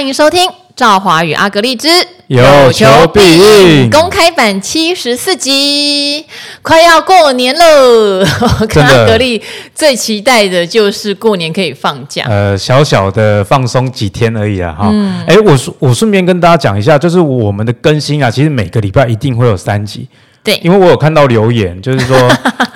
歡迎收聽《趙華與阿格麗之有求必應》公開版七十四集。快要過年了，我看阿格力最期待的就是過年可以放假。呃，小小的放鬆幾天而已啊。哈、嗯。哎，我我順便跟大家講一下，就是我們的更新啊，其實每個禮拜一定會有三集。對，因為我有看到留言，就是說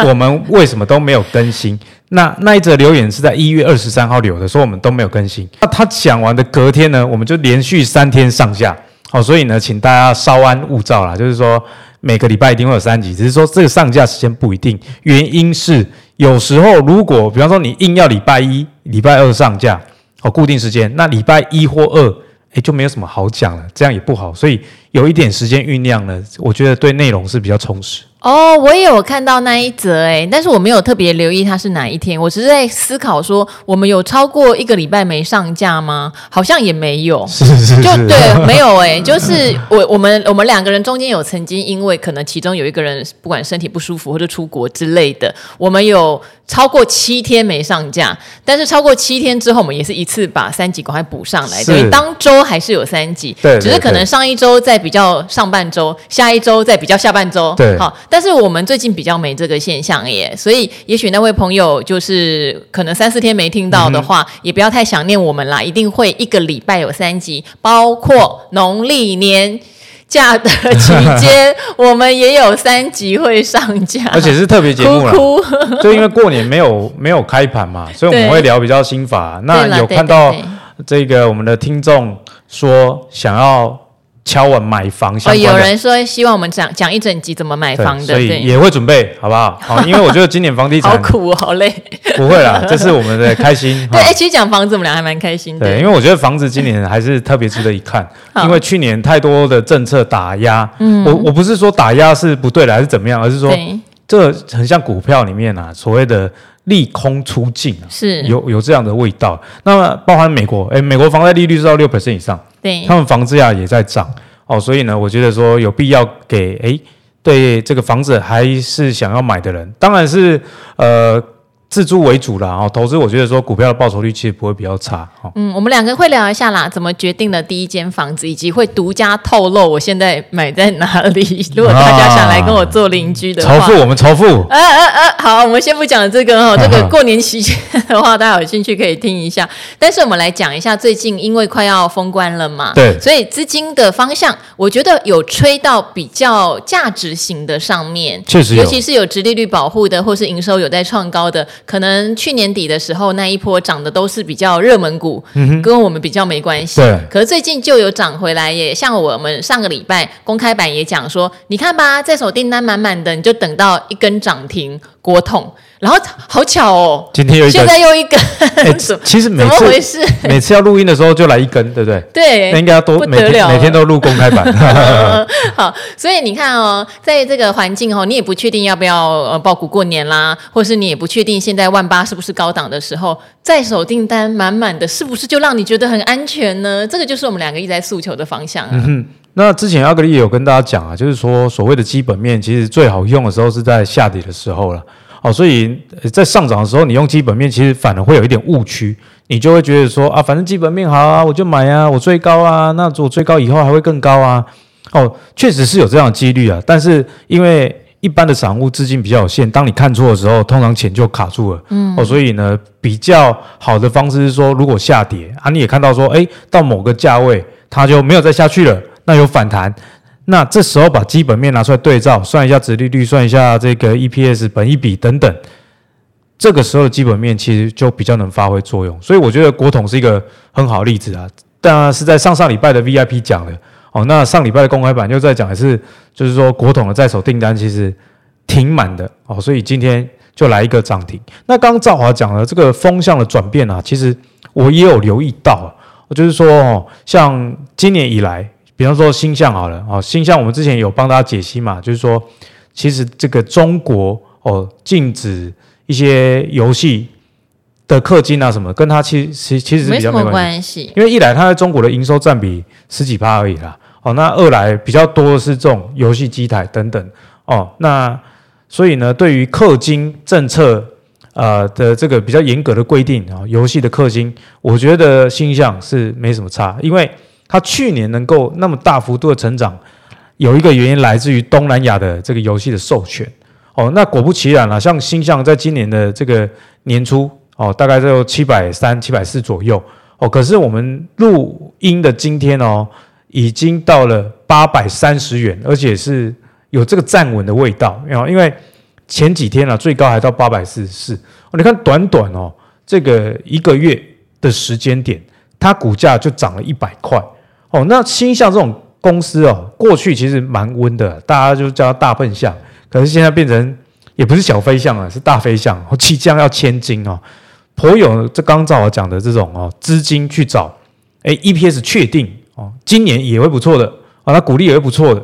我們為什麼都沒有更新？ 那那一則留言是在一月二十三號留的，說我們都沒有更新。那他講完的隔天呢，我們就連續三天上架。好、哦，所以呢，請大家稍安勿躁啦。就是說每個禮拜一定會有三集，只是說這個上架時間不一定。原因是有時候如果，比方說你硬要禮拜一、禮拜二上架，好、哦，固定時間，那禮拜一或二。也、欸、就沒有什麼好講了，這樣也不好，所以有一點時間醞釀了，我覺得對內容是比較充實。哦，oh, 我也有看到那一則哎，但是我沒有特別留意它是哪一天，我只是在思考說，我們有超過一個禮拜沒上架嗎？好像也沒有，是是是就，就對， 沒有哎，就是我我們我們兩個人中間有曾經因為可能其中有一個人不管身體不舒服或者出國之類的，我們有超過七天沒上架，但是超過七天之後，我們也是一次把三集趕快補上來，所以是當周還是有三集，對，對，對，只是可能上一周在比較上半周，下一周在比較下半周，對，好。但是我們最近比較沒這個現象耶，所以也許那位朋友就是可能三四天沒聽到的話，嗯、哼也不要太想念我們啦。一定會一個禮拜有三集，包括農曆年假的期間， 我們也有三集會上架，而且是特別節目了。不哭，就因為過年沒有沒有開盤嘛，所以我們會聊比較心法。對那有看到這個我們的聽眾說想要。敲碗買房、哦，有人說希望我們講講一整集怎麼買房的，對，所以也會準備，好不好？好、 哦，因為我覺得今年房地產好苦、哦，好累。 不會啦，這是我們的開心。 對，啊、其實講房子，我們倆還蠻開心的對，因為我覺得房子今年還是特別值得一看， 好因為去年太多的政策打壓，嗯、我我不是說打壓是不對的，還是怎麼樣，而是說對這很像股票裡面啊所謂的。利空出盡啊，是，有有這樣的味道。那麼，包含美國，哎，美國房貸利率是到6%以上，對，他們房子價也在漲哦，所以呢，我覺得說有必要給哎，對這個房子還是想要買的人，當然是呃。自住為主啦，哦，投資我覺得說股票的報酬率其實不會比較差，嗯，我們兩個會聊一下啦，怎麼決定了第一間房子，以及會獨家透露我現在買在哪裡。如果大家想來跟我做鄰居的話，仇、啊、富我們仇富，呃呃呃，好，我們先不講這個哈，這個過年期間的話，大家有興趣可以聽一下。但是我們來講一下最近因為快要封關了嘛，對，所以資金的方向，我覺得有吹到比較價值型的上面，確實有，尤其是有殖利率保護的，或是營收有在創高的。可能去年底的時候那一波漲的都是比較熱門股，嗯哼跟我們比較沒關係。對，可是最近就有漲回來耶，像我們上個禮拜公開版也講說，你看吧，在手訂單滿滿的，你就等到一根漲停。國統，然後好巧哦、喔，今天又一個現在又一根，哎、欸，怎麼怎麼回事？每次要錄音的時候就來一根，對不對？對，那應該要多每天都錄公開版。 好，所以你看哦、喔，在這個環境哦、喔，你也不確定要不要報股過年啦，或是你也不確定現在萬八是不是高檔的時候，在手訂單滿滿的是不是就讓你覺得很安全呢？這個就是我們兩個一直在訴求的方向那之前阿格力也有跟大家講啊，就是說所謂的基本面其實最好用的時候是在下跌的時候了，哦，所以在上漲的時候你用基本面其實反而會有一點誤區，你就會覺得說啊，反正基本面好啊，我就買啊，我追高啊，那我追高以後還會更高啊，哦，確實是有這樣的幾率啊，但是因為一般的散戶資金比較有限，當你看錯的時候，通常錢就卡住了，嗯，哦，所以呢，比較好的方式是說，如果下跌啊，你也看到說，誒，到某個價位它就沒有再下去了。那有反彈，那這時候把基本面拿出來對照，算一下殖利率，算一下這個 EPS 本益比等等，這個時候的基本面其實就比較能發揮作用。所以我覺得國統是一個很好的例子啊。當然是在上上禮拜的 VIP 講的哦。那上禮拜的公開版又在講是，就是說國統的在手訂單其實挺滿的哦，所以今天就來一個漲停。那剛趙華講了這個風向的轉變啊，其實我也有留意到、啊，就是說哦，像今年以來。比方說星象好了，哦，星象我們之前有幫大家解析嘛，就是說，其實這個中國哦禁止一些遊戲的氪金啊什麼，跟它其實其實其實沒，沒什麼關係，因為一來它在中國的營收占比十幾趴而已啦，哦，那二來比較多的是這種遊戲機台等等，哦，那所以呢，對於氪金政策呃的這個比較嚴格的規定啊，哦，遊戲的氪金，我覺得星象是沒什麼差，因為。它去年能夠那麼大幅度的成長，有一個原因來自於東南亞的這個遊戲的授權哦。那果不其然了，啊，像鈊象在今年的這個年初哦，大概在七百三、七百四左右哦。可是我們錄音的今天哦，已經到了八百三十元，而且是有這個站穩的味道，因為因為前幾天啊，最高還到八百四十四。你看，短短哦這個一個月的時間點，它股價就漲了一百塊。哦，那新象這種公司哦，過去其實蠻溫的，大家就叫它「大笨象」。可是現在變成也不是小飛象了，是大飛象，哦，即將要千金哦，頗有這剛早我講的這種哦，資金去找，誒 EPS 確定哦，今年也會不錯的哦，那股利也會不錯的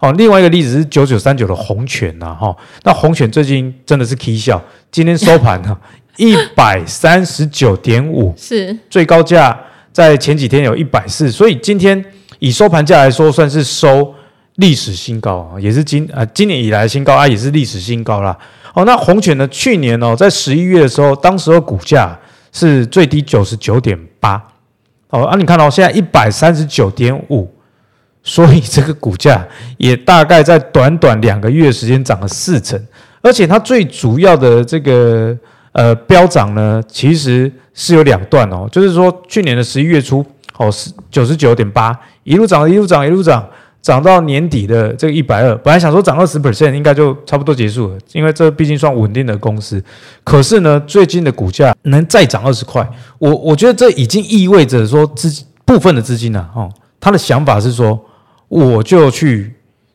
哦。另外一個例子是九九三九的宏全吶哈，那宏全最近真的是 K 笑，今天收盤呢一百三十九點五是最高價。在前幾天有一百四，所以今天以收盤價來說，算是收歷史新高啊，也是今啊今年以來的新高啊，也是歷史新高啦。哦，那宏全呢？去年哦，在十一月的時候，當時的股價是最低九十九點八，哦啊，你看到、哦、現在一百三十九點五，所以這個股價也大概在短短兩個月時間漲了四成，而且它最主要的這個。呃，飆漲呢，其實是有兩段哦，就是說去年的十一月初，哦，是九十九點八，一路漲，一路漲，一路漲，漲到年底的這個一百二。本來想說漲二十 percent 應該就差不多結束了，因為這畢竟算穩定的公司。可是呢，最近的股價能再漲二十塊，我我覺得這已經意味着說資部分的資金呢、啊，哦，他的想法是說，我就去。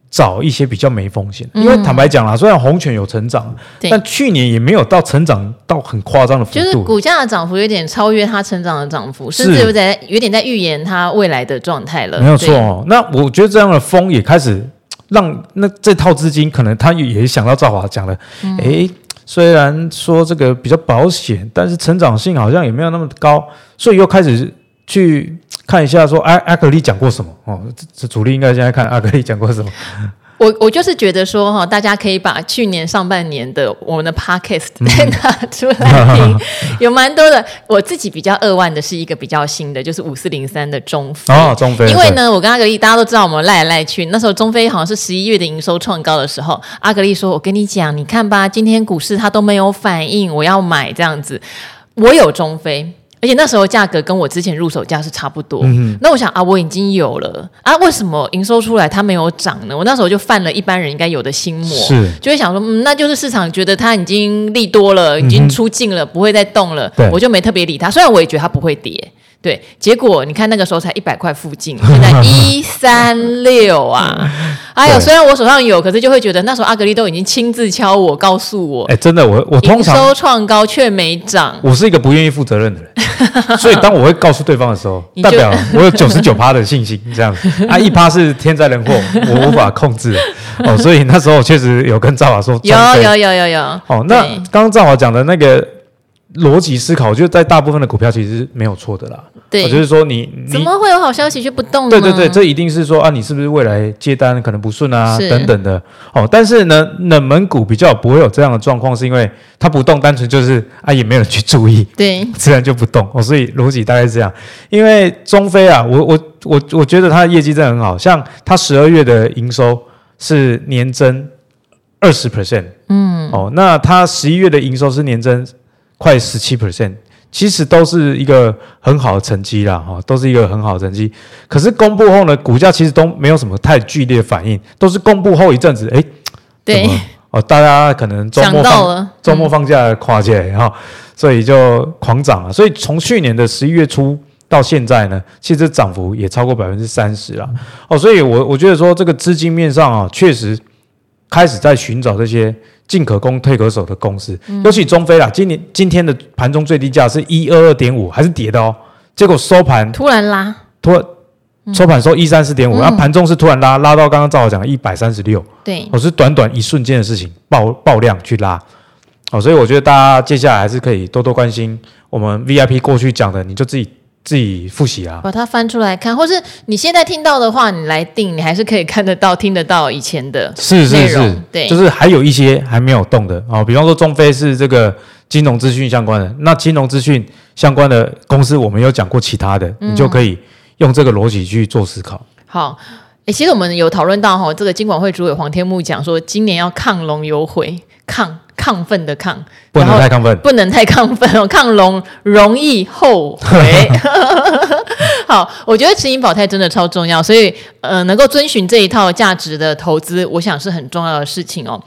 找一些比較沒風險，因為坦白講啦，嗯、雖然宏全有成長，對但去年也沒有到成長到很誇張的幅度。就是股價的漲幅有點超越它成長的漲幅，是甚至有點在預言它未來的狀態了。沒有錯，哦，對那我覺得這樣的風也開始讓那這套資金可能他也想到趙華講了，哎、嗯欸，雖然說這個比較保險，但是成長性好像也沒有那麼高，所以又開始。去看一下說，說、啊、哎，阿格力講過什麼？哦，這主力應該現在看阿格力講過什麼？我我就是覺得說哈，大家可以把去年上半年的我們的 Podcast 再、嗯、拿出來聽，有蠻多的。 我自己比較扼腕的是一個比較新的，就是五四零三的中菲哦，中菲。因為呢，我跟阿格力大家都知道，我們賴來賴去，那時候中菲好像是十一月的營收創高的時候，阿格力說：“我跟你講，你看吧，今天股市它都沒有反應，我要買這樣子。”我有中菲。而且那時候價格跟我之前入手價是差不多，嗯、哼那我想啊，我已經有了啊，為什麼營收出來它沒有漲呢？我那時候就犯了一般人應該有的心魔，是就會想說，嗯，那就是市場覺得它已經利多了，已經出盡了，嗯、哼不會再動了，對我就沒特別理它。雖然我也覺得它不會跌，對，結果你看那個時候才一百塊附近，現在一三六啊。嗯哎呦，雖然我手上有，可是就會覺得那時候阿格力都已經親自敲我，告訴我、欸。真的，我我通常收創高卻沒漲。我是一個不願意負責任的人， 所以當我會告訴對方的時候，你就 代表我有九十九趴的信心 這樣子。啊1，一趴是天災人禍， 我無法控制哦。所以那時候確實有跟趙華說有，有有有有有。那剛剛趙華講的那個。邏輯思考，我覺得在大部分的股票其實沒有錯的啦。對，我、哦、就是說，你，你怎麼會有好消息就不動呢？對對對，這一定是說啊，你是不是未來接單可能不順啊，是等等的哦。但是呢，冷門股比較不會有這樣的狀況，是因為它不動，單純就是啊，也沒有人去注意，對，自然就不動哦。所以邏輯大概是這樣。因為中菲啊，我我我我覺得它的業績真的很好，像它十二月的營收是年增二十 percent，嗯，哦，那它十一月的營收是年增。快十七 percent，其實都是一個很好的成績啦，哈，都是一個很好的成績。可是公布後呢，股價其實都沒有什麼太劇烈反應，都是公布後一陣子，誒，對，哦，大家可能周末到了周末放假跨界哈，所以就狂漲了。所以從去年的十一月初到現在呢，其實漲幅也超過百分之三十了。哦，所以我我覺得說這個資金面上啊，確實開始在尋找這些。進可攻退可守的公司，嗯、尤其中菲啦，今年今天的盤中最低價是一二二點五，還是跌的哦。結果收盤突然拉，突收盤收一三四點五，啊，盤中是突然拉拉到剛剛趙總講的一百三十六，對，我、哦、是短短一瞬間的事情，爆爆量去拉，哦，所以我覺得大家接下來還是可以多多關心我們 VIP 過去講的，你就自己。自己複習啊，把它翻出來看，或是你現在聽到的話，你來定，你還是可以看得到、聽得到以前的。是是是，對，就是還有一些還沒有動的啊、哦，比方說中菲是這個金融資訊相關的，那金融資訊相關的公司我們有講過其他的，嗯、你就可以用這個邏輯去做思考。好誒，其實我們有討論到哈、哦，這個金管會主委黃天牧講說，今年要抗龍游回抗。亢奮的亢，不能太亢奮，然後，不能太亢奮哦，亢龍容易後悔。 好，我覺得持盈保泰真的超重要，所以呃，能夠遵循這一套價值的投資，我想是很重要的事情哦。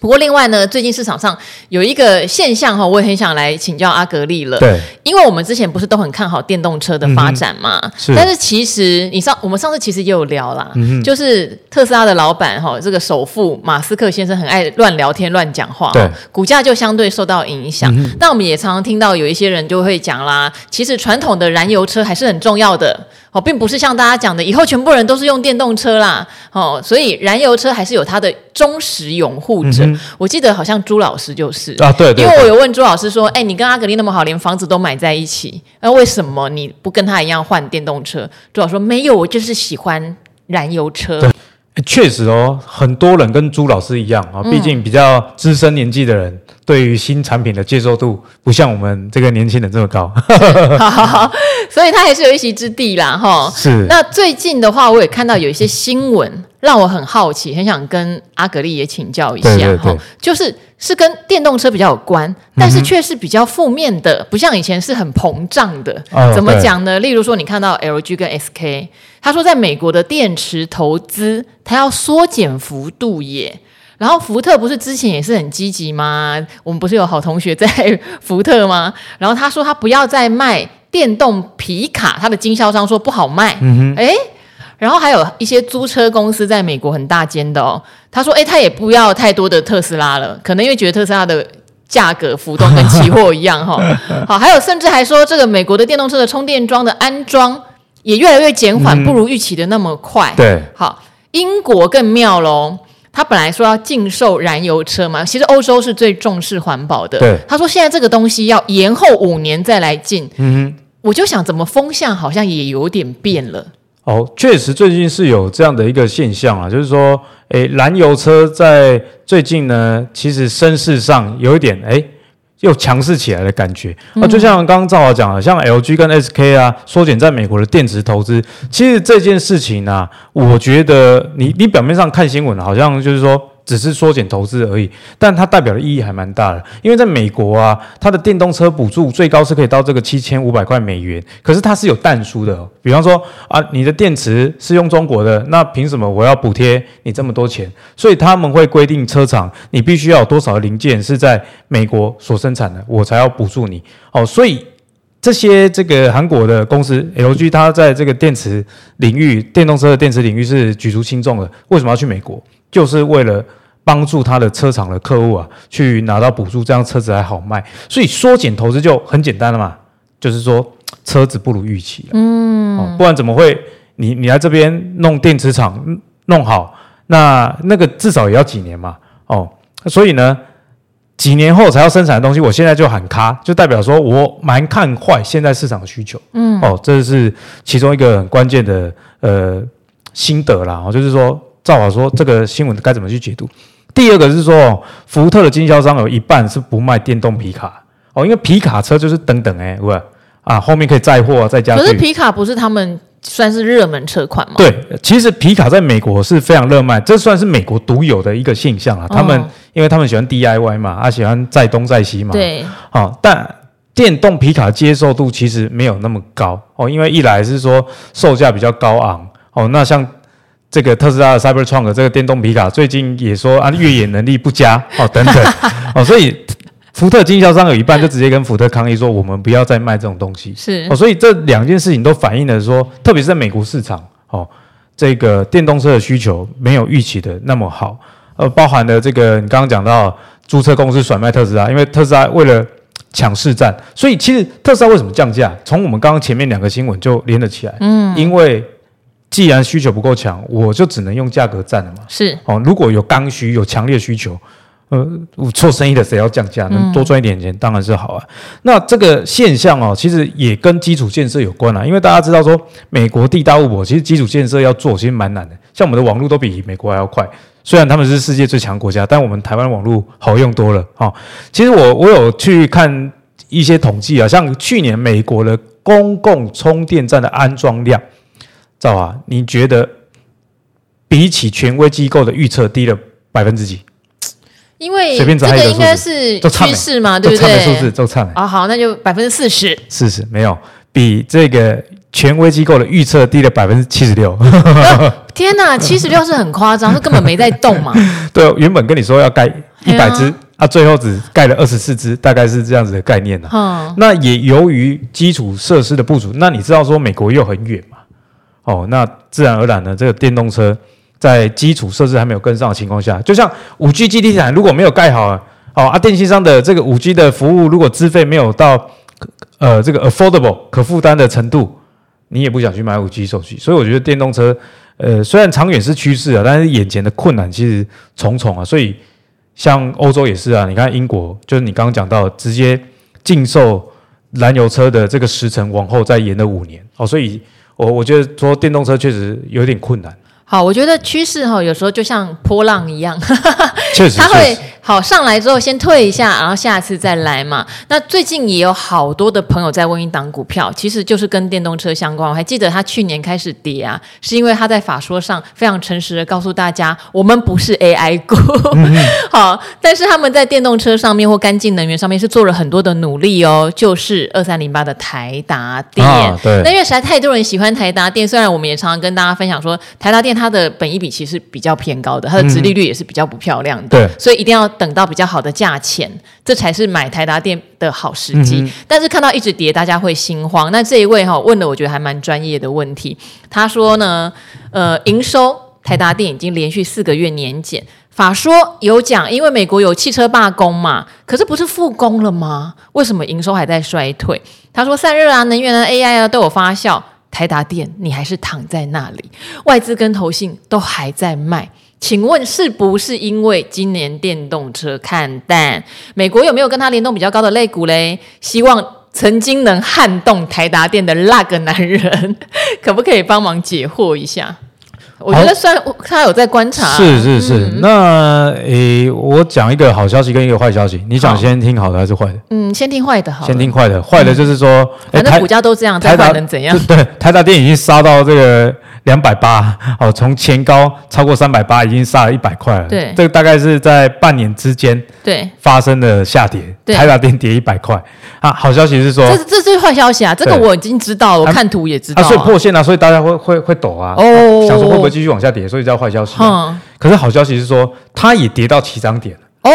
不過另外呢，最近市場上有一個現象哈、哦，我也很想來請教阿格力了。對，因為我們之前不是都很看好電動車的發展嘛？嗯、是但是其實你上我們上次其實也有聊啦，嗯、哼就是特斯拉的老闆哈、哦，這個首富馬斯克先生很愛亂聊天、亂講話、哦，對，股價就相對受到影響。嗯、哼但我們也常常聽到有一些人就會講啦，其實傳統的燃油車還是很重要的。哦，並不是像大家講的，以後全部人都是用電動車啦。哦，所以燃油車還是有它的忠實擁護者。嗯、哼我記得好像朱老師就是啊，對對，對。因為我有問朱老師說：“哎、欸，你跟阿格力那麼好，連房子都買在一起，那、啊、為什麼你不跟他一樣換電動車？”朱老師說：“沒有，我就是喜歡燃油車。對”確、欸、實哦，很多人跟朱老師一樣啊、哦，畢、嗯、竟比較資深年紀的人。對於新產品的接受度不像我們這個年輕人這麼高， 好好好，所以它還是有一席之地啦，哈。是。那最近的話，我也看到有一些新聞，讓我很好奇，很想跟阿格力也請教一下，哈，就是是跟電動車比較有關，但是卻是比較負面的，嗯、哼不像以前是很膨脹的。哦、怎麼講呢？對例如說，你看到 LG 跟 SK，他說在美國的電池投資，它要縮減幅度也。然後福特不是之前也是很積極嗎？我們不是有好同學在福特嗎？然後他說他不要再賣電動皮卡，他的經銷商說不好賣。嗯哼，哎，然後還有一些租車公司在美國很大間的哦，他說誒他也不要太多的特斯拉了，可能因為覺得特斯拉的價格浮動跟期貨一樣哈、哦。 好，還有甚至還說這個美國的電動車的充電樁的安裝也越來越減緩，嗯、不如預期的那麼快。對，好，英國更妙嘍。他本來說要禁售燃油車嘛，其實歐洲是最重視環保的。對，他說現在這個東西要延後五年再來禁。嗯哼，我就想，怎麼風向好像也有點變了。哦，確實最近是有這樣的一個現象啊，就是說，欸，燃油車在最近呢，其實聲勢上有一點，欸。又強勢起來的感覺，啊，那就像剛剛趙豪講的，像 LG 跟 SK 啊，縮減在美國的電池投資，其實這件事情呢，啊，我覺得你你表面上看新聞，好像就是說。只是縮減投資而已，但它代表的意義還蠻大的。因為在美國啊，它的電動車補助最高是可以到這個七千五百塊美元，可是它是有但書的哦。比方說啊，你的電池是用中國的，那憑什麼我要補貼你這麼多錢？所以他們會規定車廠，你必須要有多少的零件是在美國所生產的，我才要補助你。哦，所以這些這個韓國的公司 LG，它在這個電池領域，電動車的電池領域是舉足輕重的。為什麼要去美國？就是為了幫助他的車廠的客戶啊，去拿到補助，這樣車子還好賣。所以縮減投資就很簡單了嘛，就是說車子不如預期、啊。嗯、哦，不然怎麼會？你你來這邊弄電池廠，弄好那那個至少也要幾年嘛。哦，所以呢，幾年後才要生產的東西，我現在就喊卡，就代表說我蠻看壞現在市場的需求。嗯，哦，這是其中一個很關鍵的呃心得啦。哦，就是說。照我說，這個新聞該怎麼去解讀？第二個是說，福特的經銷商有一半是不賣電動皮卡哦，因為皮卡車就是等等，哎，是啊，後面可以載貨、啊、再加。可是皮卡不是他們算是熱門車款嘛？對，其實皮卡在美國是非常熱賣，這算是美國獨有的一個現象啊。哦、他們因為他們喜歡 DIY 嘛，啊，喜歡載東載西嘛。對，好、哦，但電動皮卡接受度其實沒有那麼高哦，因為一來是說售價比較高昂哦，那像。這個特斯拉的 Cybertruck 這個電動皮卡最近也說啊，越野能力不佳哦，等等哦，所以福特經銷商有一半就直接跟福特抗議說，我們不要再賣這種東西。是哦，所以這兩件事情都反映了說，特別是在美國市場哦，這個電動車的需求沒有預期的那麼好。呃，包含了這個你剛剛講到租車公司甩賣特斯拉，因為特斯拉為了搶市佔，所以其實特斯拉為什麼降價？從我們剛剛前面兩個新聞就連了起來。嗯，因為。既然需求不夠強，我就只能用價格戰了嘛。是哦，如果有剛需、有強烈需求，呃，做生意的誰要降價？嗯、能多賺一點錢當然是好啊。那這個現象哦，其實也跟基礎建設有關啊。因為大家知道說，美國地大物博，其實基礎建設要做其實蠻難的。像我們的網絡都比美國還要快，雖然他們是世界最強國家，但我們台灣網絡好用多了哈、哦，其實我我有去看一些統計啊，像去年美國的公共充電站的安裝量。趙華，你覺得比起權威機構的預測低了百分之幾？因為隨便找一個這個應該是趨勢嘛，對不對不對？數字都差啊，好，那就百分之四十。四十沒有比這個權威機構的預測低了百分之七十六。天哪，七十六是很誇張， 是根本沒在動嘛？對，原本跟你說要蓋一百隻、哎、喲啊，最後只蓋了二十四隻，大概是這樣子的概念呢。嗯、那也由於基礎設施的不足，那你知道說美國又很遠嘛？哦，那自然而然呢，這個電動車在基礎設施還沒有跟上的情況下，就像五 G 基地台如果沒有蓋好，哦啊，電信商的這個五 G 的服務如果資費沒有到呃這個 affordable 可負擔的程度，你也不想去買五 G 手機。所以我覺得電動車呃雖然長遠是趨勢啊，但是眼前的困難其實重重啊。所以像歐洲也是啊，你看英國就是你剛剛講到直接禁售燃油車的這個時程往後再延了五年，哦，所以。我我覺得做電動車確實有點困難。好，我覺得趨勢哈、哦，有時候就像波浪一樣，哈哈，確實，它會。好，上來之後先退一下，然後下次再來嘛。那最近也有好多的朋友在問一檔股票，其實就是跟電動車相關。我還記得他去年開始跌啊，是因為他在法說上非常誠實地告訴大家，我們不是 AI 股。嗯、哼好，但是他們在電動車上面或乾淨能源上面是做了很多的努力哦，就是二三零八的台達電。啊、對，那因為實在太多人喜歡台達電，雖然我們也常常跟大家分享說，台達電它的本益比其實比較偏高的，它的殖利率也是比較不漂亮的，嗯、對，所以一定要。等到比較好的價錢，這才是買台達電的好時機。嗯、哼但是看到一直跌，大家會心慌。那這一位哈、哦、問的，我覺得還蠻專業的問題。他說呢，呃，營收台達電已經連續四個月年減。法說有講，因為美國有汽車罷工嘛，可是不是復工了嗎？為什麼營收還在衰退？他說，散熱啊、能源啊、AI 啊都有發酵，台達電你還是躺在那裡，外資跟投信都還在賣。請問是不是因為今年電動車看淡？美國有沒有跟他聯動比較高的類股嘞？希望曾經能撼動台達電的那個男人，可不可以幫忙解惑一下？我覺得算他有在觀察。是是是，那誒，我講一個好消息跟一個壞消息，你想先聽好的還是壞的？嗯，先聽壞的好。先聽壞的，壞的就是說，反正股價都這樣，台達能怎樣？對，台達電已經殺到這個兩百八，哦，從前高超過三百八，已經殺了一百塊了。對，這個大概是在半年之間對發生的下跌，台達電跌一百塊。啊，好消息是說，這這是壞消息啊，這個我已經知道了，我看圖也知道。所以破線了，所以大家會會會抖啊。哦。繼續往下跌，所以叫壞消息、啊。嗯、可是好消息是說，它也跌到起漲點了。哦，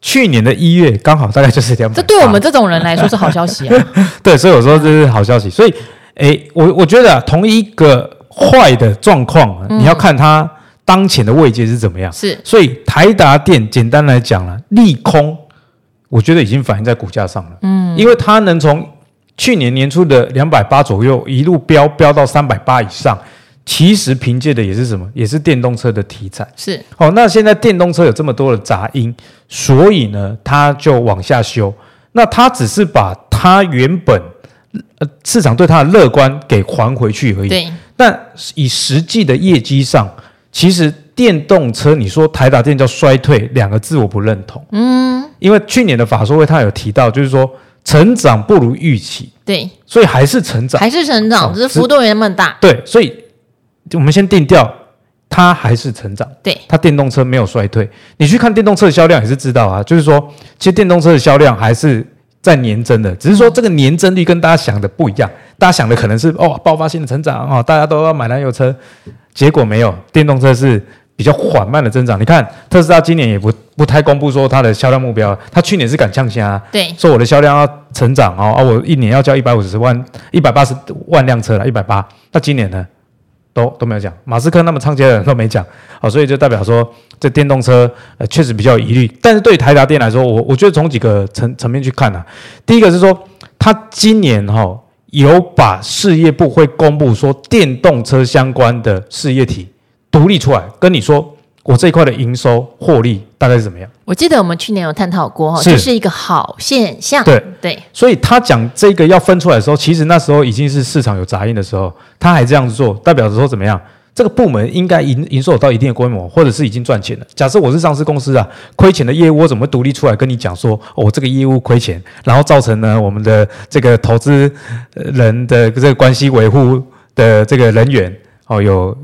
去年的一月剛好大概就是這樣。這對我們這種人來說是好消息啊。 對，所以我說這是好消息。所以，哎，我我覺得、啊、同一個壞的狀況、啊，嗯、你要看它當前的位階是怎麼樣。是，所以台達電簡單來講、啊、利空，我覺得已經反映在股價上了。嗯，因為它能從去年年初的兩百八左右一路飆飆到三百八以上。其實憑借的也是什麼？也是電動車的題材。是哦，那現在電動車有這麼多的雜音，所以呢，它就往下修。那它只是把它原本、呃、市場對它的樂觀給還回去而已。對。但以實際的業績上，其實電動車，你說台達電叫衰退兩個字，我不認同。嗯。因為去年的法說會，他有提到，就是說成長不如預期。對。所以還是成長，還是成長，只是幅度沒那麼大。對，所以。我們先定調，它還是成長，對，它電動車沒有衰退。你去看電動車的銷量也是知道啊，就是說，其實電動車的銷量還是在年增的，只是說這個年增率跟大家想的不一樣。大家想的可能是哦爆發性的成長啊、哦，大家都要買燃油車，結果沒有，電動車是比較緩慢的增長。你看特斯拉今年也不不太公布說它的銷量目標，它去年是敢嗆聲、啊，對，說我的銷量要成長哦、啊。我一年要交一百五十萬、一百八十萬輛車了，一百八。那今年呢？都都沒有講，馬斯克那麼猖獗的人都沒講，好，所以就代表說這電動車呃確實比較疑慮。但是對台達電來說，我我覺得從幾個層層面去看呢、啊，第一個是說他今年哈、哦、有把事業部會公布說電動車相關的事業體獨立出來，跟你說。我這一塊的營收獲利大概是怎麼樣？我記得我們去年有探討過哈，這是，是一個好現象。對對，對，所以他講這個要分出來的時候，其實那時候已經是市場有雜音的時候，他還這樣子做，代表着說怎麼樣？這個部門應該營營收到一定的規模，或者是已經賺錢了。假設我是上市公司啊，虧錢的業務我怎麼獨立出來跟你講說，我、哦、這個業務虧錢，然後造成呢我們的這個投資人的這個關係維護的這個人員哦有。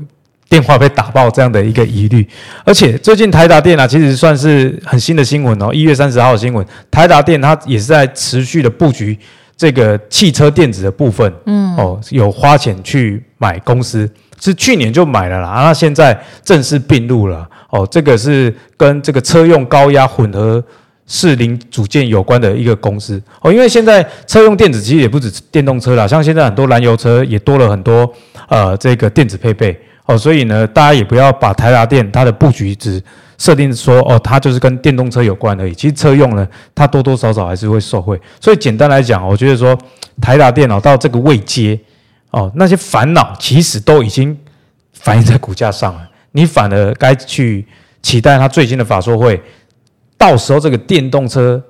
電話被打爆這樣的一個疑慮，而且最近台達電啊，其實算是很新的新聞哦。一月三十號新聞，台達電它也是在持續的布局這個汽車電子的部分，嗯，哦，有花錢去買公司，是去年就買了啦，啊，現在正式併入了，哦，這個是跟這個車用高壓混合式零組件有關的一個公司，哦，因為現在車用電子其實也不止電動車啦，像現在很多燃油車也多了很多呃這個電子配備。哦，所以呢，大家也不要把台達電它的布局只設定說哦，它就是跟電動車有關而已。其實車用呢，它多多少少還是會受惠。所以簡單來講，我覺得說台達電來到這個位階，哦，那些煩惱其實都已經反映在股價上了。你反而該去期待它最新的法說會，到時候這個電動車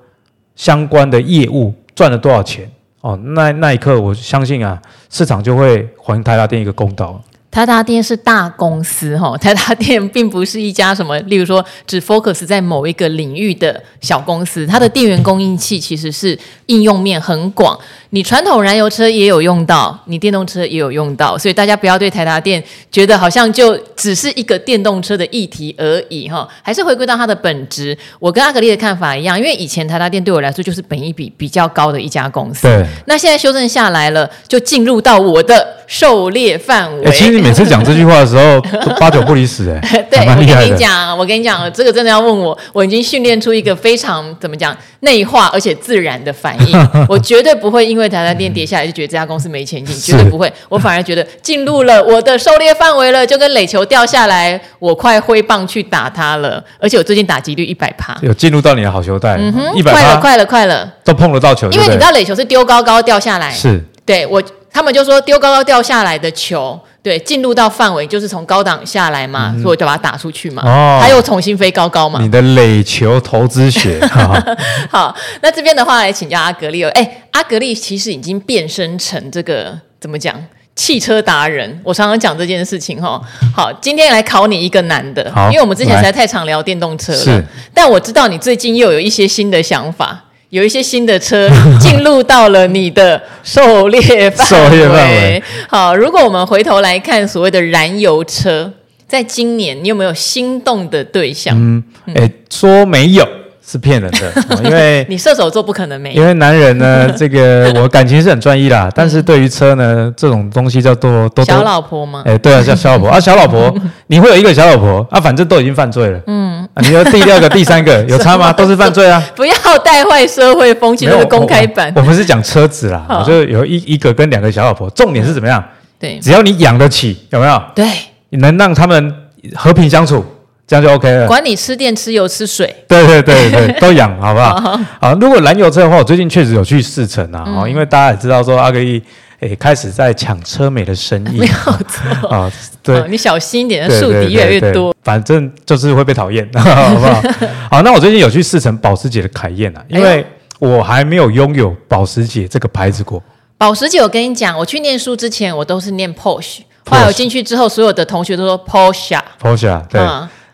相關的業務賺了多少錢？哦，那那一刻我相信啊，市場就會還台達電一個公道。台達電是大公司哈，台達電並不是一家什麼，例如說只 focus 在某一個領域的小公司，它的電源供應器其實是應用面很廣。你傳統燃油車也有用到，你電動車也有用到，所以大家不要對台達電覺得好像就只是一個電動車的議題而已哈，還是回歸到它的本質。我跟阿格力的看法一樣，因為以前台達電對我來說就是本益比比較高的一家公司。對。那現在修正下來了，就進入到我的狩獵範圍。其實你每次講這句話的時候，八九不離十哎。 對，我跟你講，我跟你講，這個真的要問我，我已經訓練出一個非常怎麼講內化而且自然的反應，我絕對不會因為。因為台達電跌下來，就覺得這家公司沒前景，嗯、絕對不會。我反而覺得進入了我的狩獵範圍了，就跟壘球掉下來，我快揮棒去打它了。而且我最近打擊率一百趴，有進入到你的好球帶嗯哼，一百趴，快了，快了，快了，都碰得到球了。因為你知道壘球是丟高高掉下來，是對我他們就說丟高高掉下來的球。對，進入到範圍就是從高檔下來嘛，嗯、所以我就把它打出去嘛，它又、哦、重新飛高高嘛。你的壘球投資學， 哦、好，那這邊的話來請教阿格力哦，哎、欸，阿格力其實已經變身成這個怎麼講汽車達人，我常常講這件事情哈、哦。好，今天來考你一個難的， 因為我們之前實在太常聊電動車了，是，但我知道你最近又有一些新的想法。有一些新的車進入到了你的狩獵範圍。狩獵範圍。好，如果我們回頭來看所謂的燃油車，在今年你有沒有心動的對象？嗯，誒，說沒有。是騙人的，因為你射手座不可能沒。因為男人呢，這個我感情是很專一啦，但是對於車呢，這種東西叫做多小老婆嘛，哎，對啊，叫小老婆啊，小老婆，你會有一個小老婆啊，反正都已經犯罪了，嗯，你要第二個、第三個，有差嗎？都是犯罪啊，不要帶壞社會風氣，都是公開版。我們是講車子啦，我就有一一個跟兩個小老婆，重點是怎麼樣？對，只要你養得起，有沒有？對，你能讓他們和平相處。這樣就 OK 了。管你吃電、吃油、吃水，對對對對，都養，好不好？如果燃油車的話，我最近確實有去試乘啊，因為大家也知道說阿格力誒，開始在搶車美的生意，沒有錯啊，對，你小心一點，樹敵越來越多，反正就是會被討厭，好不好？好，那我最近有去試乘保時捷的凱宴啊，因為我還沒有擁有保時捷這個牌子過。保時捷，我跟你講，我去念書之前，我都是念 Porsche，後來我進去之後，所有的同學都說 Porsche，Porsche，對。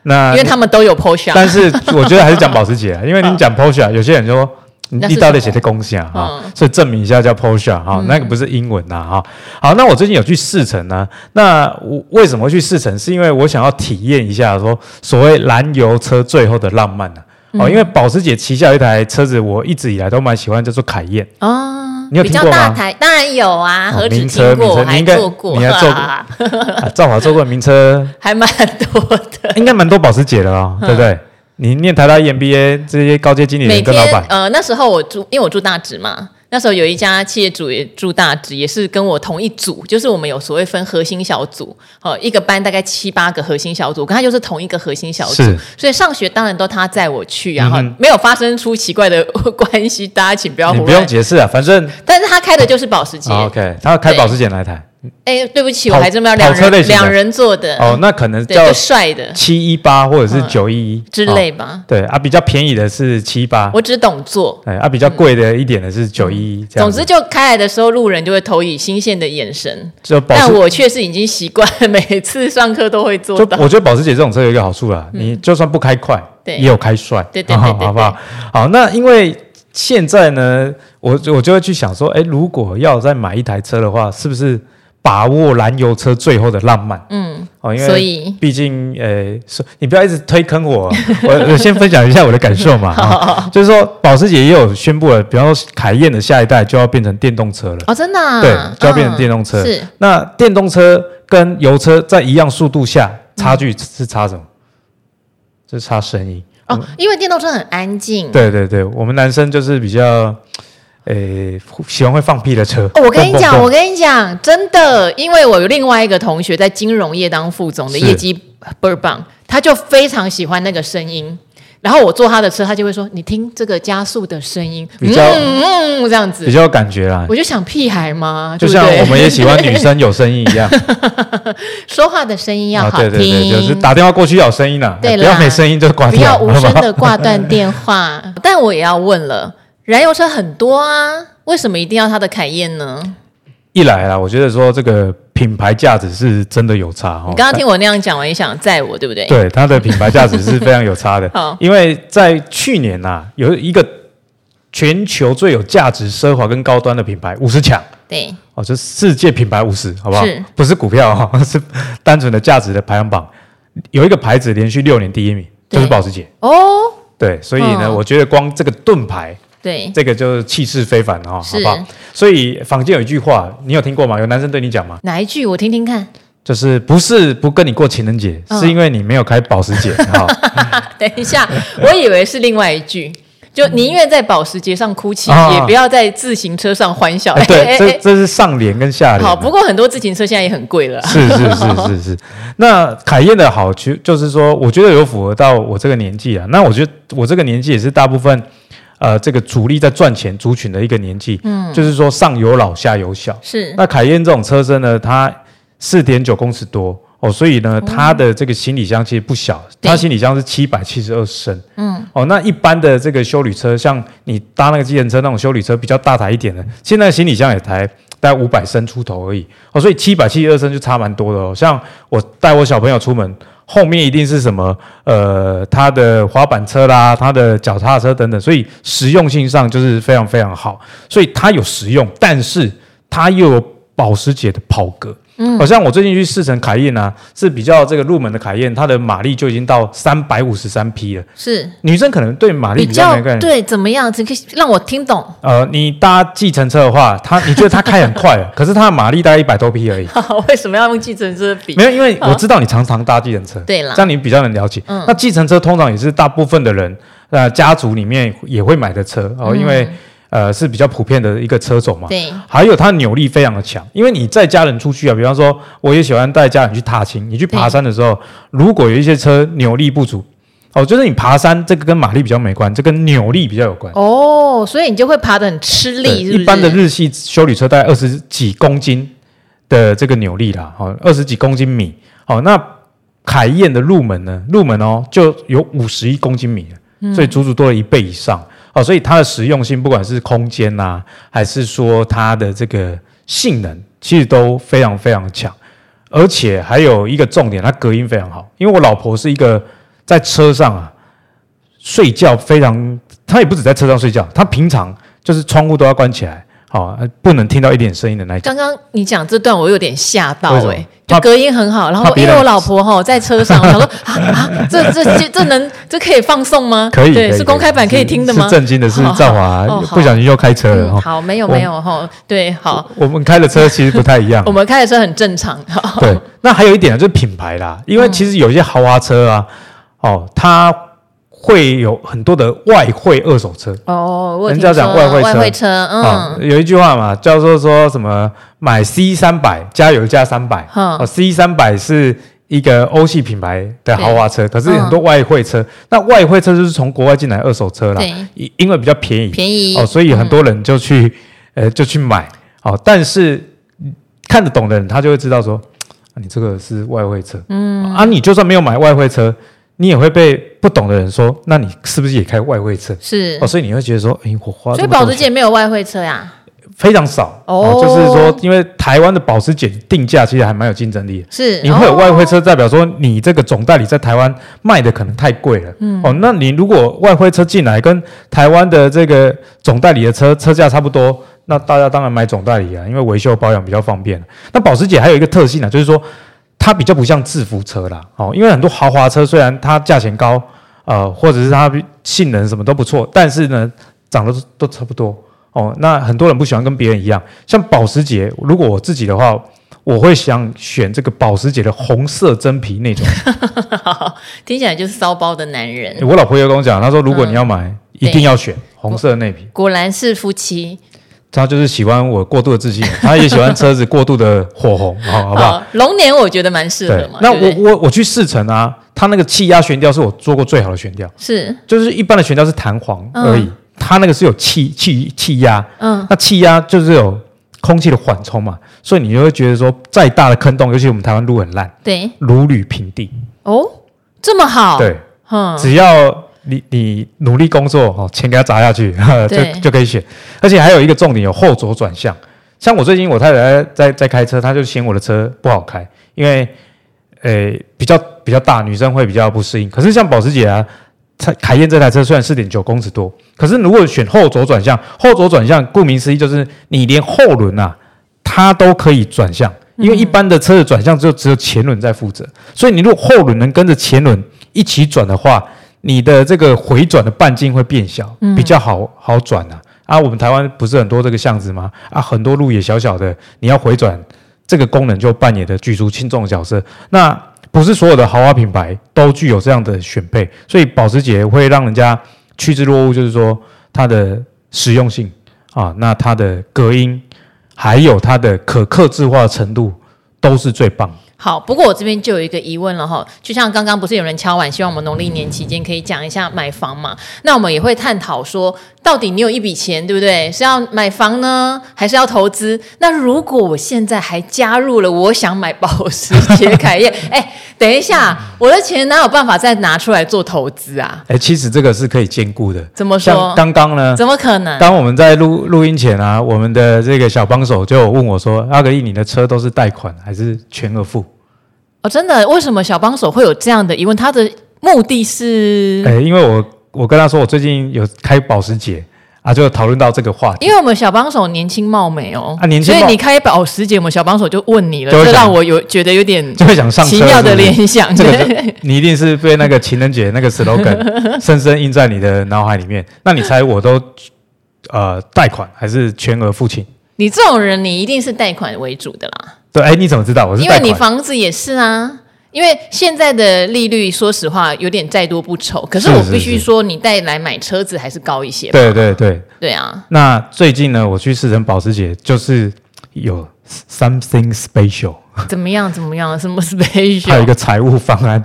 那因為他們都有 Porsche，但是我覺得還是講保時捷， 因為你講 Porsche， 有些人就說你到底寫的共享哈，哦、所以證明一下叫 Porsche 哈、哦，嗯、那個不是英文吶、啊、哈、哦。好，那我最近有去試乘呢、啊，那我為什麼會去試乘？是因為我想要體驗一下說所謂燃油車最後的浪漫呢、啊。哦，嗯、因為保時捷旗下有一台車子，我一直以來都蠻喜歡叫做凱宴啊。哦你有比較大台當然有啊，何止聽過，還坐過，你還坐過，哈哈，正坐過名車，還蠻多的，應該蠻多保時捷的啊，嗯、對不對？你念台大 EMBA 這些高階經理人跟老闆，呃，那時候我住，因為我住大直嘛。那時候有一家企業主也住大直，也是跟我同一組，就是我們有所謂分核心小組，好一個班大概七八個核心小組，跟他就是同一個核心小組，是所以上學當然都他載我去啊，然後沒有發生出奇怪的關係，嗯、哼大家請不要，你不用解釋啊，反正但是他開的就是保時捷，OK，他要開保時捷來台。哎，對不起，我還真沒要兩人兩人坐的哦，那可能就帥的七一八或者是九一一之類吧。對啊，比較便宜的是七一八，我只懂坐。哎，啊，比較貴的一點的是九一一。總之就開來的時候，路人就會投以新鮮的眼神。就，但我確實已經習慣，每次上課都會做到。我覺得保時捷這種車有一個好處啦，你就算不開快，也有開帥。對對對，好不好？好，那因為現在呢，我我就會去想說，哎，如果要再買一台車的話，是不是？把握燃油車最後的浪漫。嗯，哦，因為畢竟，呃，你不要一直推坑我。我我先分享一下我的感受嘛。就是說，保時捷也有宣布了，比方說凱燕的下一代就要變成電動車了。哦，真的啊？對，就要變成電動車。是。那電動車跟油車在一樣速度下，差距是差什麼？是差聲音。哦，因為電動車很安靜。對對對，我們男生就是比較。呃、欸，喜歡會放屁的車。我跟你講，我跟你講，真的，因為我有另外一個同學在金融業當副總的業績倍棒，是 bank, 他就非常喜歡那個聲音。然後我坐他的車，他就會說：“你聽這個加速的聲音，比較嗯,嗯,嗯，這樣子比較有感覺啦。”我就想屁孩嘛，就像我們也喜歡女生有聲音一樣， 說話的聲音要好聽，啊、對對對對就是打電話過去有聲音啦。對了、啊、不要沒聲音就掛掉，不要無聲的掛斷電話。 但我也要問了。燃油車很多啊，為什麼一定要它的凱宴呢？一來啊，我覺得說這個品牌價值是真的有差。你剛剛聽我那樣講，我也想載我，對不對？對，它的品牌價值是非常有差的。 好因為在去年吶、啊，有一個全球最有價值奢華跟高端的品牌五十強，強對哦，這、就是、世界品牌五十，好不好？是不是股票哈、哦，是單純的價值的排行榜，有一個牌子連續六年第一名，對就是保時捷哦。對，所以呢，嗯、我覺得光這個盾牌。對，這個就是氣勢非凡啊，好不好？所以坊間有一句話，你有聽過嗎？有男生對你講嗎？哪一句？我聽聽看。就是不是不跟你過情人節，是因為你沒有開保時捷哈，等一下，我以為是另外一句，就寧願在保時捷上哭泣，也不要在自行車上歡笑。對，這這是上聯跟下聯。好，不過很多自行車現在也很貴了。是是是是是。那凱宴的好處就是說，我覺得有符合到我這個年紀啊。那我覺得我這個年紀也是大部分。呃，這個主力在賺錢族群的一個年紀，嗯，就是說上有老下有小，是。那凱燕這種車身呢，它四點九公尺多哦，所以呢，哦、它的這個行李箱其實不小，對它行李箱是七百七十二升，嗯，哦，那一般的這個休旅車，像你搭那個計程車那種休旅車比較大台一點的，現在行李箱也抬。在五百升出頭而已哦，所以七百七十二升就差蠻多的哦。像我帶我小朋友出門，後面一定是什麼呃，他的滑板車啦，他的腳踏車等等，所以實用性上就是非常非常好。所以它有實用，但是它又有保時捷的跑格。好、嗯、像我最近去試乘凱宴呢、啊，是比較這個入門的凱宴，它的馬力就已經到三百五十三匹了。是，女生可能對馬力比較敏感。對，怎麼樣子？請讓我聽懂。呃，你搭計程車的話，它你覺得它開很快， 可是它的馬力大概一百多匹而已。 為什麼要用計程車比？沒有，因為我知道你常常搭計程車。 對了啦，這樣你比較能了解。嗯、那計程車通常也是大部分的人，呃，家族裡面也會買的車，哦，因為。呃，是比較普遍的一個車種嘛。對。還有它扭力非常的強，因為你帶家人出去啊，比方說，我也喜歡帶家人去踏青。你去爬山的時候，對如果有一些車扭力不足，哦，就是你爬山這個跟馬力比較沒關，這跟、個、扭力比較有關。哦，所以你就會爬得很吃力。對對一般的日系休旅車大概二十幾公斤的這個扭力啦，哦，二十幾公斤米，哦，那凱燕的入門呢，入門哦就有五十一公斤米，嗯、所以足足多了一倍以上。哦，所以它的實用性，不管是空間吶，還是說它的這個性能，其實都非常非常強，而且還有一個重點，它隔音非常好。因為我老婆是一個在車上啊睡覺非常，她也不止在車上睡覺，她平常就是窗戶都要關起來。好，不能聽到一點聲音的那。剛剛你講這段，我有點嚇到哎，就隔音很好。然後因為我老婆哈在車上，我想說啊啊，這這這這能這可以放送嗎？可以，對，是公開版可以聽的嗎？震驚的是趙華不小心又開車了哈。好，沒有沒有哈，對，好。我們開的車其實不太一樣。我們開的車很正常。對，那還有一點啊就是品牌啦，因為其實有一些豪華車啊，哦，它。會有很多的外匯二手車哦人家講外匯車，外匯車嗯，有一句話嘛，叫做說什麼買 C 三百加油加三百哦 C 三百是一個歐系品牌的豪華車，可是很多外匯車，那外匯車就是從國外進來二手車了，因為比較便宜，便宜哦，所以很多人就去呃就去買哦，但是看得懂的人他就會知道說，啊你這個是外匯車，嗯啊，你就算沒有買外匯車。你也會被不懂的人說，那你是不是也開外匯車？是哦，所以你會覺得說，誒，火花。所以保時捷沒有外匯車呀？啊？非常少。oh. 哦，就是說，因為台灣的保時捷定價其實還蠻有競爭力的。是，你會有外匯車，代表說你這個總代理在台灣賣的可能太貴了。嗯、oh. 哦，那你如果外匯車進來，跟台灣的這個總代理的車車價差不多，那大家當然買總代理啊，因為維修保養比較方便。那保時捷還有一個特性啊，就是說。它比較不像制服車啦，哦，因為很多豪華車雖然它價錢高，呃，或者是它性能什麼都不錯，但是呢，長得都差不多，哦，那很多人不喜歡跟別人一樣，像保時捷，如果我自己的話，我會想選這個保時捷的紅色真皮那種， 聽起來就是騷包的男人。我老婆有跟我講，她說如果你要買，嗯、一定要選紅色的那皮。果，果然是夫妻。他就是喜歡我過度的自信，他也喜歡車子過度的火紅，好，好不好？龍年我覺得蠻適合的。那我我我去試乘啊，他那個氣壓懸吊是我做過最好的懸吊，是就是一般的懸吊是彈簧而已，他那個是有氣氣氣壓，嗯，那氣壓就是有空氣的緩衝嘛，所以你就會覺得說，再大的坑洞，尤其我們台灣路很爛，對，如履平地哦，這麼好，對，嗯，只要。你你努力工作哦，錢給他砸下去，對就就可以選。而且還有一個重點，有後軸轉向。像我最近我太太在在，在開車，她就嫌我的車不好開，因為呃比較比較大，女生會比較不適應。可是像保時捷啊，凱凱燕這台車雖然四點九公尺多，可是如果選後軸轉向，後軸轉向顧名思義就是你連後輪啊，它都可以轉向。因為一般的車的轉向就只有前輪在負責，嗯、所以你如果後輪能跟着前輪一起轉的話。你的這個回轉的半徑會變小，比較好好轉啊！啊，我們台灣不是很多這個巷子嗎？啊，很多路也小小的，你要回轉，這個功能就扮演的舉足輕重的角色。那不是所有的豪華品牌都具有這樣的選配，所以保時捷會讓人家趨之若鶩，就是說它的實用性啊，那它的隔音，還有它的可客制化程度都是最棒。好，不過我這邊就有一個疑問了哈，就像剛剛不是有人敲碗，希望我們農曆年期間可以講一下買房嘛？那我們也會探討說，到底你有一筆錢，對不對？是要買房呢，還是要投資？那如果我現在還加入了，我想買保時捷凱宴，哎， 等一下，我的錢哪有辦法再拿出來做投資啊？哎，其實這個是可以兼顧的，怎麼說？像剛剛呢？怎麼可能？當我們在錄錄音前啊，我們的這個小幫手就問我說：“阿格力，你的車都是貸款還是全額付？”哦、真的，為什麼小幫手會有這樣的疑問？他的目的是……哎、欸，因為我我跟他說，我最近有開保時捷啊，就討論到這個話題。因為我們小幫手年輕貌美哦，啊，年輕，所以你開保時捷，我們小幫手就問你了，就這讓我有覺得有點，就會想上車是不是？奇妙的聯想對，你一定是被那個情人節 那個 slogan 深深印在你的腦海裡面。那你猜我都呃貸款還是全額付清？你這種人，你一定是貸款為主的啦。對，哎，你怎麼知道我是？因為你房子也是啊。因為現在的利率，說實話有點再多不愁。可是我必須說，你帶來買車子還是高一些，是是是。對對對，對啊。那最近呢，我去試乘保時捷，就是有 something special。怎麼樣？怎麼樣？什麼 special？還有一個財務方案，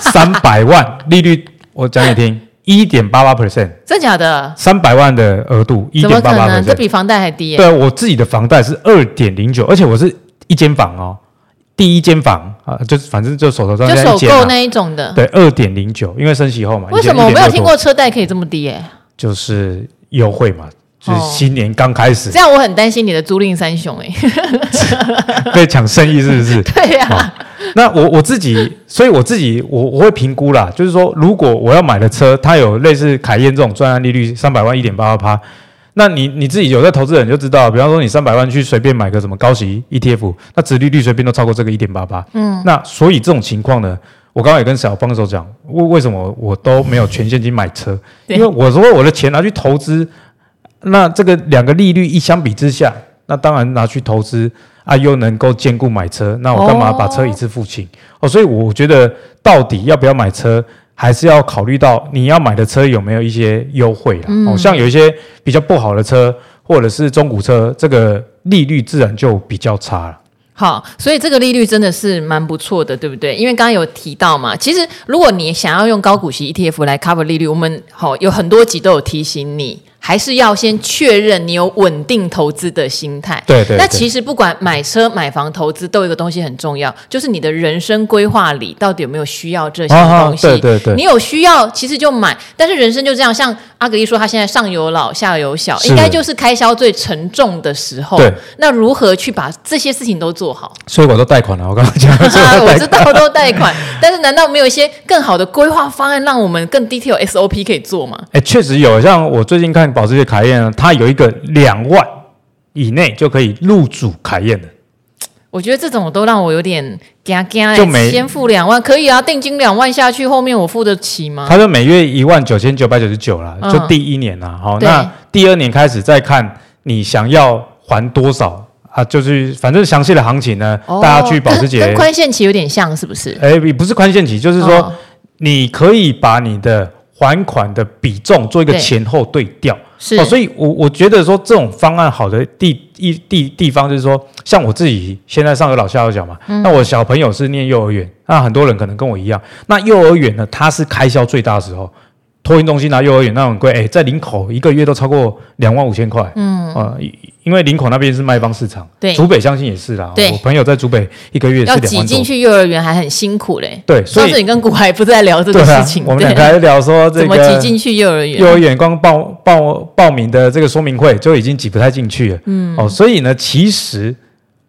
三百 萬利率， 我講給你聽，一點八八 percent。真假的？三百萬的額度，一點八八 p 比房貸還低。對我自己的房貸是二點零九，而且我是。一間房哦，第一間房啊，就是反正就手頭上在、啊、就首購那一種的，對，二點零九，因為升息後嘛。為什麼我沒有聽過車貸可以這麼低耶？哎，就是優惠嘛，就是新年剛開始。哦、這樣我很擔心你的租賃三雄哎， 被搶生意是不是？對呀、啊。那我我自己，所以我自己我我會評估啦，就是說如果我要買的車，它有類似凱宴這種專案利率三百萬一點八八趴。那你你自己有在投資人你就知道，比方說你三百萬去隨便買個什麼高息 ETF，那殖利率隨便都超過這個一點八八。嗯，那所以這種情況呢，我剛剛也跟小方所講，為為什麼我都沒有全現金買車？ 因為我說我的錢拿去投資，那這個兩個利率一相比之下，那當然拿去投資啊，又能夠兼顧買車，那我幹嘛把車一次付清？哦，哦，所以我覺得到底要不要買車？還是要考慮到你要買的車有沒有一些優惠好、啊嗯哦、像有一些比較不好的車或者是中古車，這個利率自然就比較差了。好，所以這個利率真的是蠻不錯的，對不對？因為剛剛有提到嘛，其實如果你想要用高股息 ETF 來 cover 利率，我們好、哦、有很多集都有提醒你，還是要先確認你有穩定投資的心態。對，對對。那其實不管買車、買房、投資，都有一個東西很重要，就是你的人生規劃裡到底有沒有需要這些東西。啊、哦哦，對對對。你有需要，其實就買。但是人生就這樣，像阿格一說，他現在上有老，下有小是，應該就是開銷最沉重的時候。對。那如何去把這些事情都做好？所以我都貸款了，我剛剛講。所以我， 我知道都貸款， 但是難道沒有一些更好的規劃方案，讓我們更 detail S O P 可以做嗎？哎，確實有，像我最近看。保時捷凱宴呢它有一個兩萬以內就可以入主凱宴的。我覺得這種都讓我有點驚驚、欸。就每沒先付兩萬，可以啊，定金兩萬下去，後面我付得起嗎？他就每月一萬九千九百九十九啦，嗯、就第一年啦。好、哦，對那第二年開始再看你想要還多少啊，就是反正詳細的行情呢，哦、大家去保時捷跟寬限期有點像是不是？哎，也不是寬限期，就是說你可以把你的。還款、款的比重做一個前後對調，哦，所以我我覺得說這種方案好的地一,一,一地地方就是說，像我自己現在上有老下有小嘛，嗯、那我小朋友是念幼兒園，那很多人可能跟我一樣，那幼兒園呢，它是開銷最大的時候。托嬰中心拿、啊、幼兒園那很貴，誒在林口一個月都超過兩萬五千塊。嗯啊、呃，因為林口那邊是賣方市場。對，竹北相信也是啦。對，我朋友在竹北一個月是兩萬多。要擠進去幼兒園還很辛苦嘞。對，上次你跟古海不是在聊這個事情？對啊、對我們兩個還聊說這個怎麼擠進去幼兒園？幼兒園光報報報名的這個說明會就已經擠不太進去了。嗯哦，所以呢，其實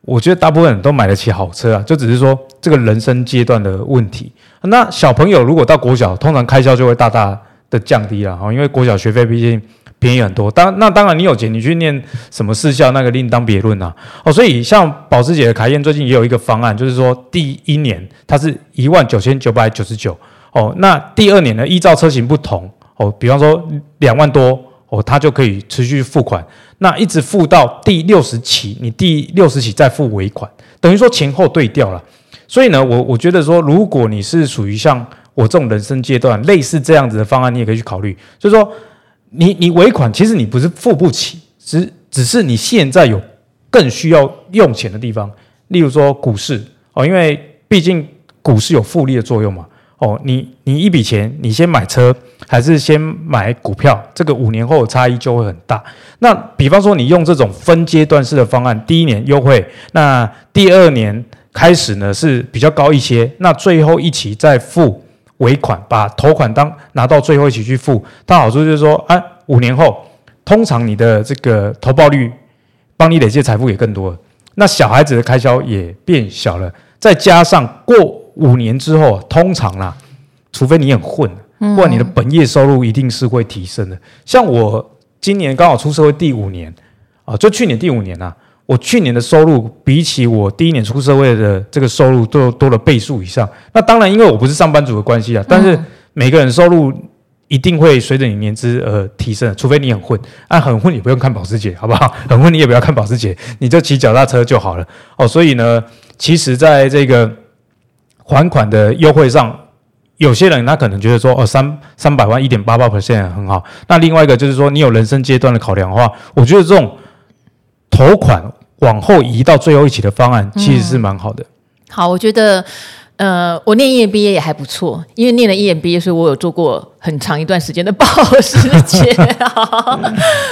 我覺得大部分人都買得起好車啊，就只是說這個人生階段的問題。那小朋友如果到國小，通常開銷就會大大的降低了哈，因為國小學費畢竟便宜很多。當那當然，你有錢你去念什麼私校？那個另當別論吶、啊。哦，所以像保時捷的凱宴最近也有一個方案，就是說第一年它是一萬九千九百九十九哦，那第二年呢，依照車型不同哦，比方說兩萬多哦，它就可以持續付款，那一直付到第六十期，你第六十期再付尾款，等於說前後對調了。所以呢，我我覺得說，如果你是屬於像。我這種人生階段，類似這樣子的方案，你也可以去考慮。就是說，你你尾款其實你不是付不起，只只是你現在有更需要用錢的地方，例如說股市哦，因為畢竟股市有複利的作用嘛哦。你你一筆錢，你先買車還是先買股票？這個五年後的差異就會很大。那比方說，你用這種分階段式的方案，第一年優惠，那第二年開始呢是比較高一些，那最後一期再付。尾款把頭款當拿到最後一起去付，它好處就是說，啊五年後通常你的這個投報率幫你累積財富也更多，那小孩子的開銷也變小了，再加上過五年之後，通常啦、啊，除非你很混，不然你的本業收入一定是會提升的。嗯嗯，像我今年剛好出社會第五年啊，就去年第五年啊。我去年的收入比起我第一年出社會的這個收入多多了倍數以上。那當然，因為我不是上班族的關係啊。但是每個人收入一定會隨着你年資而提升，除非你很混。啊，很混你不用看保時捷，好不好？很混你也不要看保時捷，你就騎腳踏車就好了。哦，所以呢，其實在這個還款的優惠上，有些人他可能覺得說哦，哦，三三百萬一點八八 percent 很好。那另外一個就是說，你有人生階段的考量的話，我覺得這種。頭款往後移到最後一期的方案其實是蠻好的，嗯。好，我覺得，呃，我念一年畢業也還不錯，因為念了一年畢業，所以我有做過很長一段時間的保時捷。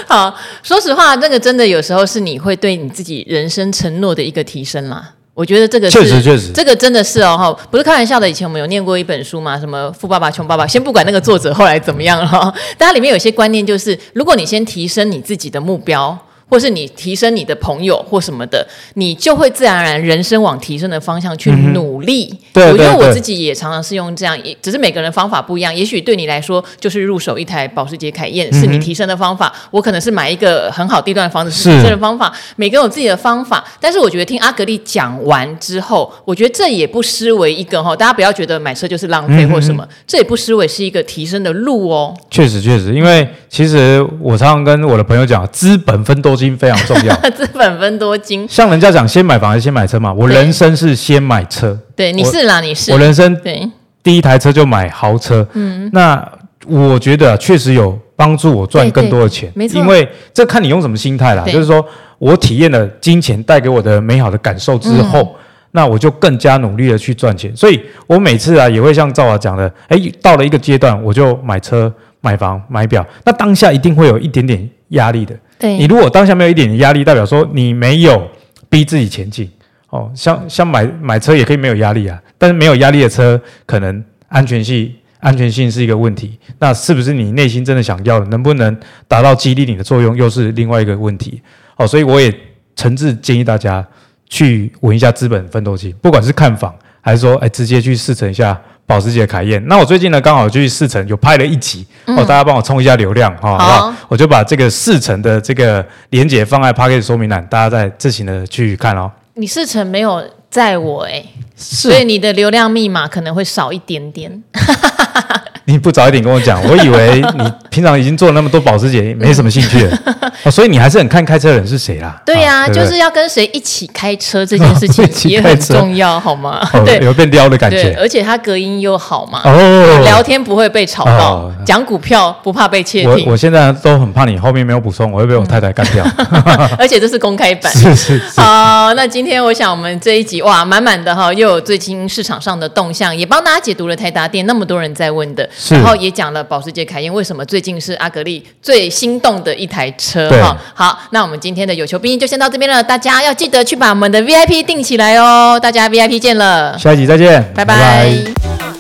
好，說實話，這，那個真的有時候是你會對你自己人生承諾的一個提升啦。我覺得這個是確實確實，這個真的是哦，哈，不是開玩笑的。以前我們有念過一本書嘛，什麼《富爸爸窮爸爸》，先不管那個作者後來怎麼樣哈、哦，大家 裡面有些觀念就是，如果你先提升你自己的目標。或是你提升你的朋友或什麼的，你就會自然而然人生往提升的方向去努力。嗯、對，對對對，我覺得我自己也常常是用這樣，只是每個人的方法不一樣。也許對你來說就是入手一台保時捷凱宴、嗯、哼是你提升的方法，我可能是買一個很好地段的房子是提升的方法。是每個人有自己的方法，但是我覺得聽阿格力講完之後，我覺得這也不失為一個哈，大家不要覺得買車就是浪費或什麼，嗯、哼這也不失為是一個提升的路哦。確實，確實，因為其實我常常跟我的朋友講，資本分都金非常重要，資本分多金。像人家講，先買房還是先買車嘛？我人生是先買車。對，你是哪裡？是。我人生對第一台車就買豪車。嗯，那我覺得確實有幫助我賺更多的錢，因為這看你用什麼心態啦。就是說我體驗了金錢帶給我的美好的感受之後，那我就更加努力的去賺錢。所以我每次啊，也會像趙華講的，哎，到了一個階段，我就買車、買房、買表，那當下一定會有一點點壓力的。對你如果當下沒有一點壓力，代表說你沒有逼自己前進，哦，像像買買車也可以沒有壓力啊，但是沒有壓力的車，可能安全性安全性是一個問題，那是不是你內心真的想要的？能不能達到激勵你的作用，又是另外一個問題。哦，所以我也誠摯建議大家去聞一下資本奮鬥氣，不管是看房。還是說，哎、欸，直接去試乘一下保時捷凱宴。那我最近呢，剛好去試乘，嗯、有拍了一集哦，大家幫我衝一下流量哈。哦嗯、好，不好，好哦、我就把這個試乘的這個連接放在 Podcast 說明欄，大家再自行的去看哦。你試乘沒有載我哎、欸，是所以你的流量密碼可能會少一點點。 你不早一點跟我講，我以為你平常已經坐了那麼多保時捷，沒什麼興趣了。所以你還是很看開車人是誰啦？對呀，就是要跟誰一起開車這件事情也很重要，好嗎？對，有被撩的感覺。而且它隔音又好嘛，哦。聊天不會被吵到，講股票不怕被竊聽。我現在都很怕你後面沒有補充，我會被我太太幹掉。而且這是公開版。是是好，那今天我想我們這一集哇，滿滿的哈，又有最近市場上的動向，也幫大家解讀了台達電那麼多人在問的。是然後也講了保時捷凱宴為什麼最近是阿格力最心動的一台車哈對，好，那我們今天的有求必應就先到這邊了，大家要記得去把我們的 VIP 訂起來哦，大家 VIP 見了，下一集再見，拜拜。拜拜。